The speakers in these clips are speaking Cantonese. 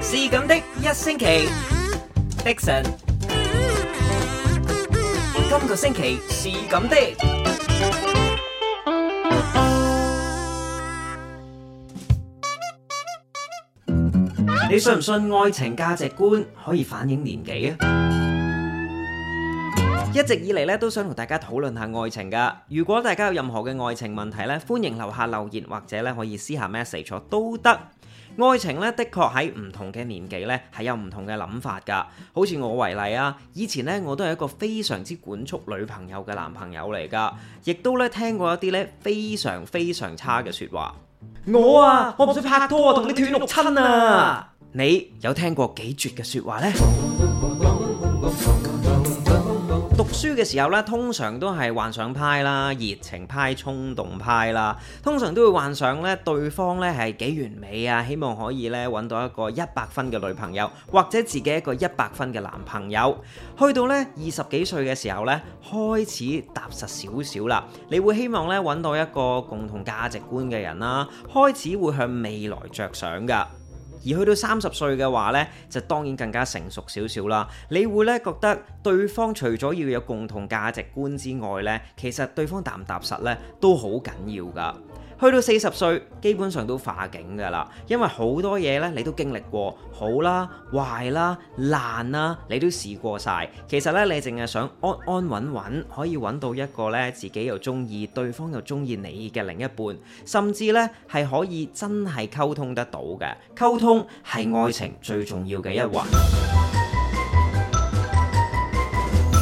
是咁的，一星期，Dixon，今個星期是咁的，你信唔信愛情價值觀可以反映年紀啊？一直以嚟咧都想同大家討論下愛情噶，如果大家有任何嘅愛情問題咧，歡迎留下留言或者咧可以私下 message 我都得。愛情咧的確喺唔同嘅年紀咧係有唔同嘅諗法噶，好似我為例啊，以前咧我都係一個非常之管束女朋友嘅男朋友嚟噶，亦都咧聽過一啲咧非常非常差嘅說話。我啊，我唔想拍拖啊，同你斷六親啊！你有聽過幾絕嘅說話呢？讀書嘅時候咧，通常都係幻想派啦、熱情派、衝動派啦，通常都會幻想咧對方咧係幾完美啊，希望可以咧揾到一個一百分嘅女朋友，或者自己一個一百分嘅男朋友。去到咧二十幾歲嘅時候咧，開始踏實少少啦，你會希望咧揾到一個共同價值觀嘅人啦，開始會向未來着想噶。而去到三十歲嘅話呢，就當然更加成熟少少啦。你會呢覺得對方除咗要有共同價值觀之外呢，其實對方踏唔踏實呢都好緊要㗎。去到四十歲，基本上都化境噶啦，因為好多嘢咧，你都經歷過，好啦、壞啦、爛啦，你都試過晒。其實咧，你淨係想安安穩穩，可以搵到一個咧自己又中意，對方又中意你嘅另一半，甚至咧係可以真係溝通得到嘅。溝通係愛情最重要嘅一環。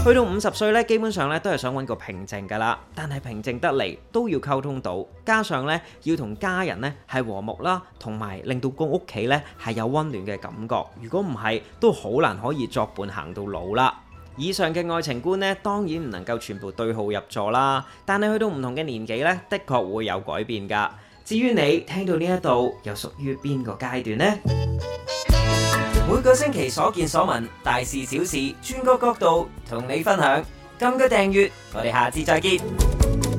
去到五十歲咧，基本上咧都係想揾個平靜噶啦，但係平靜得嚟，都要溝通到，加上咧要同家人咧係和睦啦，同埋令到個屋企咧係有溫暖嘅感覺。如果唔係，都好難可以作伴行到老啦。以上嘅愛情觀咧，當然唔能夠全部對號入座啦。但係去到唔同嘅年紀呢，的確會有改變噶。至於你聽到呢一度，又屬於邊個階段呢？每個星期所見所聞，大事小事，轉個角度同你分享。撳個訂閱，我哋下次再見。